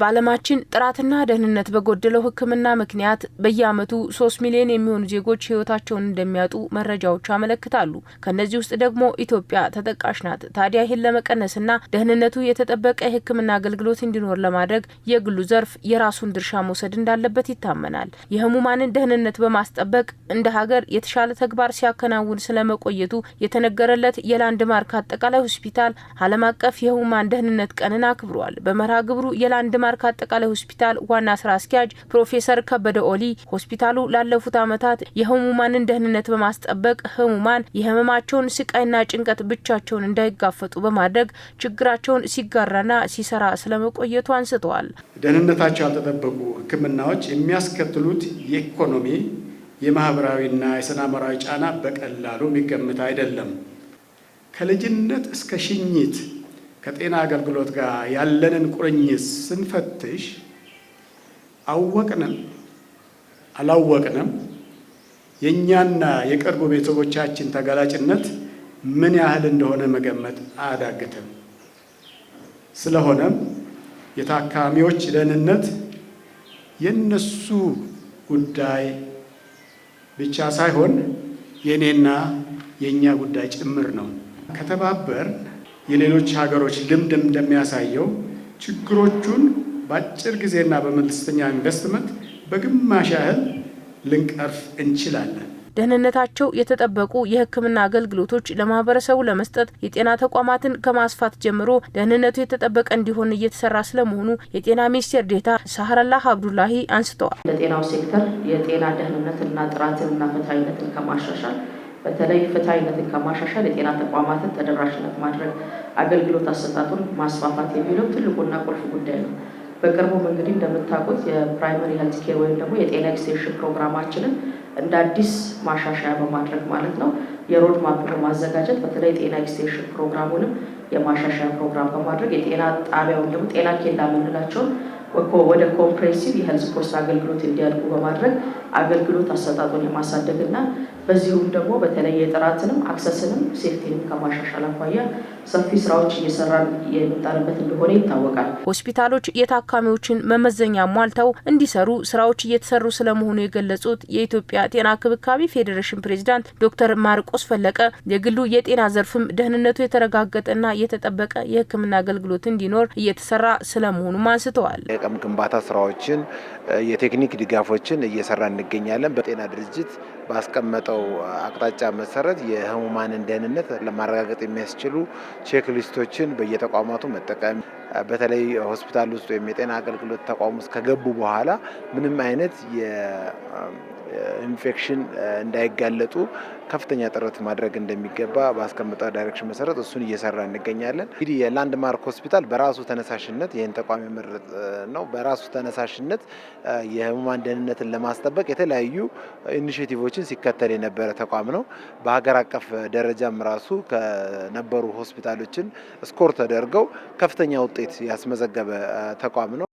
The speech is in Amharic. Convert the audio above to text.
በዓለማችን ጥራትና ደህንነት በጎደለው ሕክምና ምክንያት በየዓመቱ ሶስት ሚሊዮን የሚሆኑ ዜጎች ህይወታቸውን እንደሚያጡ መረጃዎች ያመለክታሉ። ከእነዚህ ውስጥ ደግሞ ኢትዮጵያ ተጠቃሽ ናት። ታዲያ ይህን ለመቀነስና ደህንነቱ የተጠበቀ የሕክምና አገልግሎት እንዲኖር ለማድረግ የግሉ ዘርፍ የራሱን ድርሻ መውሰድ እንዳለበት ይታመናል። የህሙማንን ደህንነት በማስጠበቅ እንደ ሀገር የተሻለ ተግባር ሲያከናውን ስለመቆየቱ የተነገረለት የላንድማርክ አጠቃላይ ሆስፒታል ዓለም አቀፍ የህሙማን ደህንነት ቀንን አክብሯል። በመርሃ ግብሩ የላንድ ላንድማርክ አጠቃላይ ሆስፒታል ዋና ስራ አስኪያጅ ፕሮፌሰር ከበደ ኦሊ ሆስፒታሉ ላለፉት ዓመታት የህሙማንን ደህንነት በማስጠበቅ ህሙማን የህመማቸውን ስቃይና ጭንቀት ብቻቸውን እንዳይጋፈጡ በማድረግ ችግራቸውን ሲጋራና ሲሰራ ስለመቆየቱ አንስተዋል። ደህንነታቸው ያልተጠበቁ ህክምናዎች የሚያስከትሉት የኢኮኖሚ የማህበራዊና የሰናመራዊ ጫና በቀላሉ የሚገምት አይደለም። ከልጅነት እስከ ሽኝት ከጤና አገልግሎት ጋር ያለንን ቁርኝት ስንፈትሽ አወቅንም አላወቅንም የእኛና የቅርቡ ቤተሰቦቻችን ተጋላጭነት ምን ያህል እንደሆነ መገመት አያዳግትም። ስለሆነም የታካሚዎች ደህንነት የእነሱ ጉዳይ ብቻ ሳይሆን የእኔና የእኛ ጉዳይ ጭምር ነው። ከተባበር የሌሎች ሀገሮች ልምድ እንደሚያሳየው ችግሮቹን በአጭር ጊዜና በመለስተኛ ኢንቨስትመንት በግማሽ ያህል ልንቀርፍ እንችላለን። ደህንነታቸው የተጠበቁ የሕክምና አገልግሎቶች ለማህበረሰቡ ለመስጠት የጤና ተቋማትን ከማስፋት ጀምሮ ደህንነቱ የተጠበቀ እንዲሆን እየተሰራ ስለመሆኑ የጤና ሚኒስቴር ዴታ ሳህራላህ አብዱላሂ አንስተዋል። ለጤናው ሴክተር የጤና ደህንነትና ጥራትንና ፍትሐዊነትን ከማሻሻል በተለይ ፍትሐዊነትን ከማሻሻል የጤና ተቋማትን ተደራሽነት ማድረግ፣ አገልግሎት አሰጣጡን ማስፋፋት የሚለው ትልቁና ቁልፍ ጉዳይ ነው። በቅርቡም እንግዲህ እንደምታውቁት የፕራይመሪ ሄልት ኬር ወይም ደግሞ የጤና ኤክስቴንሽን ፕሮግራማችንን እንደ አዲስ ማሻሻያ በማድረግ ማለት ነው የሮድ ማፕ በማዘጋጀት በተለይ የጤና ኤክስቴንሽን ፕሮግራሙንም የማሻሻያ ፕሮግራም በማድረግ የጤና ጣቢያ ወይም ደግሞ ጤና ኬላ የምንላቸውን ወደ ኮምፕሬንሲቭ የሄልዝ ፖስት አገልግሎት እንዲያድጉ በማድረግ አገልግሎት አሰጣጡን የማሳደግና በዚሁም ደግሞ በተለይ የጥራትንም አክሰስንም ሴፍቲንም ከማሻሻል አኳያ ሰፊ ስራዎች እየሰራን የመጣንበት እንደሆነ ይታወቃል። ሆስፒታሎች የታካሚዎችን መመዘኛ ሟልተው እንዲሰሩ ስራዎች እየተሰሩ ስለመሆኑ የገለጹት የኢትዮጵያ ጤና ክብካቤ ፌዴሬሽን ፕሬዚዳንት ዶክተር ማርቆስ ፈለቀ የግሉ የጤና ዘርፍም ደህንነቱ የተረጋገጠና የተጠበቀ የሕክምና አገልግሎት እንዲኖር እየተሰራ ስለመሆኑም አንስተዋል። የአቅም ግንባታ ስራዎችን፣ የቴክኒክ ድጋፎችን እየሰራ እንገኛለን። በጤና ድርጅት ባስቀመጠው አቅጣጫ መሰረት የህሙማንን ደህንነት ለማረጋገጥ የሚያስችሉ ቼክ ሊስቶችን በየተቋማቱ መጠቀም በተለይ ሆስፒታል ውስጥ ወይም የጤና አገልግሎት ተቋም ውስጥ ከገቡ በኋላ ምንም አይነት ኢንፌክሽን እንዳይጋለጡ ከፍተኛ ጥረት ማድረግ እንደሚገባ ባስቀመጠው ዳይሬክሽን መሰረት እሱን እየሰራ እንገኛለን። እንግዲህ የላንድማርክ ሆስፒታል በራሱ ተነሳሽነት ይህን ተቋም የመረጠ ነው። በራሱ ተነሳሽነት የህሙማን ደህንነትን ለማስጠበቅ የተለያዩ ኢኒሽቲቮችን ሲከተል የነበረ ተቋም ነው። በሀገር አቀፍ ደረጃም ራሱ ከነበሩ ሆስፒታሎችን ስኮር ተደርገው ከፍተኛ ውጤት ያስመዘገበ ተቋም ነው።